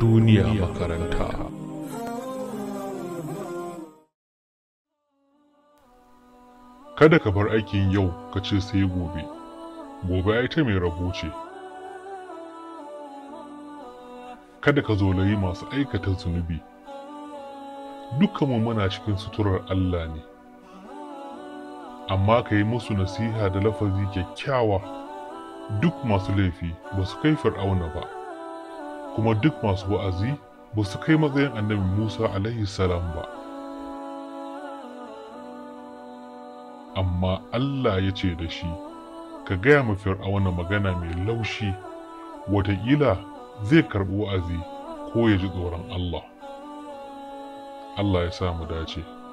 duniya makaranta kada ka bar aikin yau ka ce sai gobe gobe ai ta mai rabo ce kada ka zolayi masu aikata zunubi dukkanmu muna cikin suturar Allah ne amma ka yi musu nasiha da lafazi kyakkyawa duk masu laifi ba su kai fir'auna ba kuma duk masu wa'azi ba su kai matsayin annabi musa alaihi salam ba amma allah ya ce da shi ka gaya ma fir'auna magana mai laushi wataƙila zai karɓi wa'azi ko ya ji tsoron allah allah ya sa mu dace